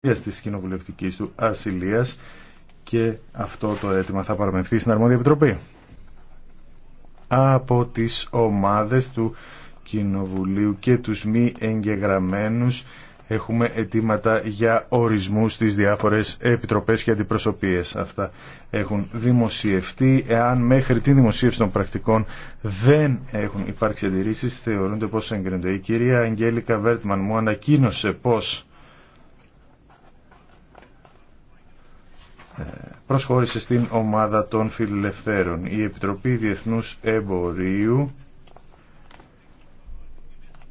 της κοινοβουλευτικής του ασυλίας και αυτό το αίτημα θα παραμευθεί στην Αρμόδια Επιτροπή. Από τις ομάδες του Κοινοβουλίου και τους μη εγγεγραμμένους έχουμε αιτήματα για ορισμούς στις διάφορες επιτροπές και αντιπροσωπείες. Αυτά έχουν δημοσιευτεί. Εάν μέχρι τη δημοσίευση των πρακτικών δεν έχουν υπάρξει αντιρρήσεις, θεωρούνται πως εγκρίνονται. Η κυρία Αγγέλικα Βέρτμαν μου ανακοίνωσε πως προσχώρησε στην ομάδα των φιλελευθέρων. Η Επιτροπή Διεθνούς Εμπορίου